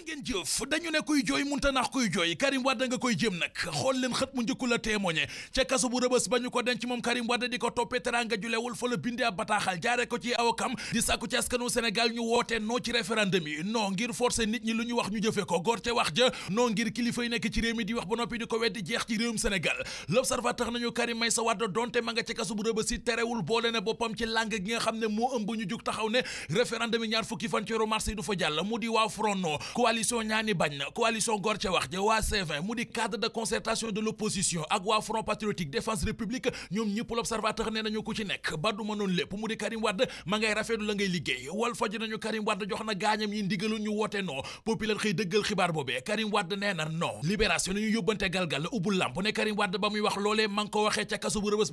jërë ngeen jëf dañu ne kuy jooy munta nax kuy jooy Karim Wade nga koy jëm nag xool leen xët mu njëkku la ca kaso bu rëbës ba ko denc moom Karim Wade di ko toppee teranga julewul fa la bindee ab bataaxal jaare ko ci awakam di sàkku ci askanu lu ñu wax ñu jëfe ko góor ca wax ja non ngir kilifa yi nekk ci réew di wax ba noppi di ko weddi jeex ci réewum Sénégal l'observateur nañu Karim Meïssa Wade donte ma nga ca kaso bu rëbës yi terewul boole ne boppam ci làng gi nga xam ne moo ëmb ñu jug taxaw ne référendum yi ñaar fukki fan ci weeru mars yi du fa jàll mu di waa front non coalition gor ca wax ja waa c mu di cadre de concertation de l'opposition ak waa front patriotique défense république ñoom ñëpp l'observateur nee nañu ku ci nekk ba du mënoon lépp mu di Karim Wade ma ngay rafetlu la ngay liggéey wal faj nañu Karim Wade jox na gaañam yi ndigalu ñu woote non populaire xëy dëggal xibaar boobee Karim Wade nee na non libération nañu yóbbante galgal ubbul làmp ne Karim Wade ba muy wax loolee ma ko waxee ca kaso bu rëbës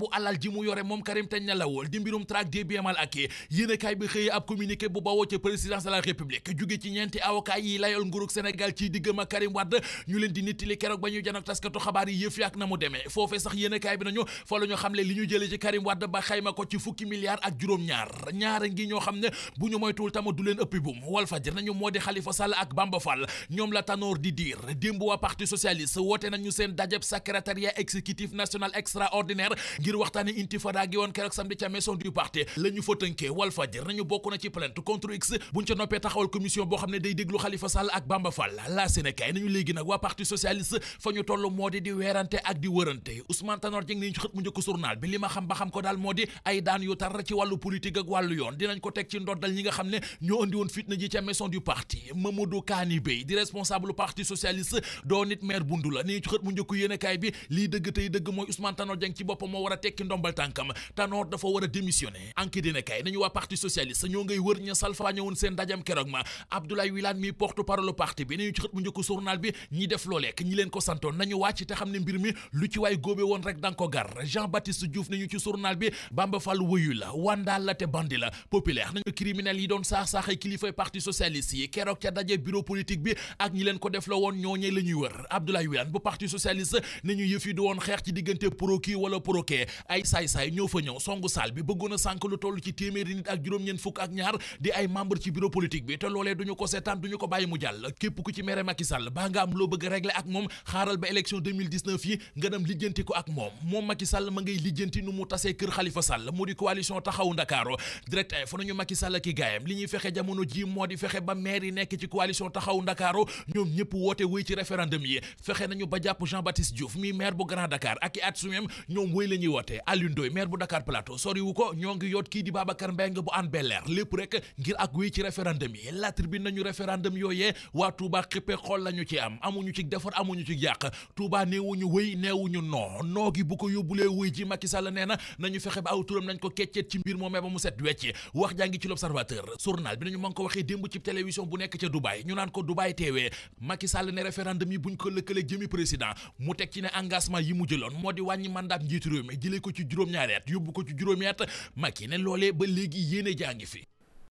bu alal ji mu yore moom Karim Tène Nelawol di mbirum traque des biens mal acquis yéenekaay bi xëyee ab communiqué bu bawoo ca présidence de la république jóge ci ñeenti avocat yi layol nguurug Sénégal ci diggam ak Karim Wade ñu leen di nittali keroog ba ñu janook taskatu xabaar yi yëf yaak na mu demee foofee sax yéenekaay bi nañu fa la xamle li ñu jële ci Karim Wade ba xayma ko ci fukki milliards ak juróom-ñaar ñaara ngi ñoo xam ne bu ñu moytuwul tama du ngir waxtaane intifada gi woon keroog samedi ca maison du parti la ñu fa tënkee nañu bokk na ci plainte contre x buñ ca noppee taxawal commission boo xam ne day déglu Khalifa Sall ak Bamba Fall la Sénégal nañu léegi nag waa parti socialiste fa ñu toll moo di di weerante ak di wërante Ousmane Tanor Dieng nañu ci xët mu njëkk journal bi li ma xam ba xam ko daal moo di ay daan yu tar ci wàllu politique ak wàllu yoon dinañ ko teg ci ndoddal ñi nga xam war a tekki ndombal tànkam Tanor dafa war a démissionner anki dina nañu waa parti socialiste ñoo ngay wër ña salfaañe woon seen dajam keroog ma Abdoulaye Wilane mi porte parole parti bi nañu ci xët mu njëkk journal bi ñi def loolee ak ñi leen ko santoon nañu wàcc te xam ne mbir mi lu ci waay góobe woon rek danga ko gar Jean Baptiste Diouf nañu ci journal bi Bamba Fall wuyu la wandaal la te bandi la populaire nañu criminel yi doon saax-saaxee foofee ay saay-saay ñoo fa ñëw songu saal bi bëggoon a lu toll ci téeméeri nit ak juróom-ñeent fukk ak ñaar di ay membre ci bureau politique bi te loolee duñu ko seetaan duñu ko bàyyi mu jàll képp ku ci mere Macky Sall baa nga am loo bëgg a ak moom xaaral ba élection yi nga dem lijjanti ko ak moom moom Macky Sall ma ngay lijjanti nu mu tasee kër Khalifa Sall mu di coalition taxawu Ndakaaru direct fa nañu Macky Sall ki gaayam li fexe jamono ñuy wootee Alioune Ndoye maire bu Dakar Plateau sori wu ko ñoo ngi yoot kii di Babacar Mbengue bu Hann bel lépp rek ngir ak wéy ci référendum yi la tribune nañu référendum yooyee waa Touba xippe xool lañu ci am amuñu ci defar amuñu ci yàq Touba néewuñu wëy néewuñu noo noo gi bu ko yóbbulee wëy ji Macky Sall nee na nañu fexe ba aw turam nañ ko keccet ci mbir moomee ba mu set wecc wax jaa ngi ci l'observateur journal bi nañu ma ko waxee démb ci télévision bu ko Dubaay TV Macky Sall ne yi buñ ko lëkkale jëlee ko ci juróom-ñaari at yóbbu ko ci juróomi at Macky ne loolee ba léegi yéene jaa ngi fi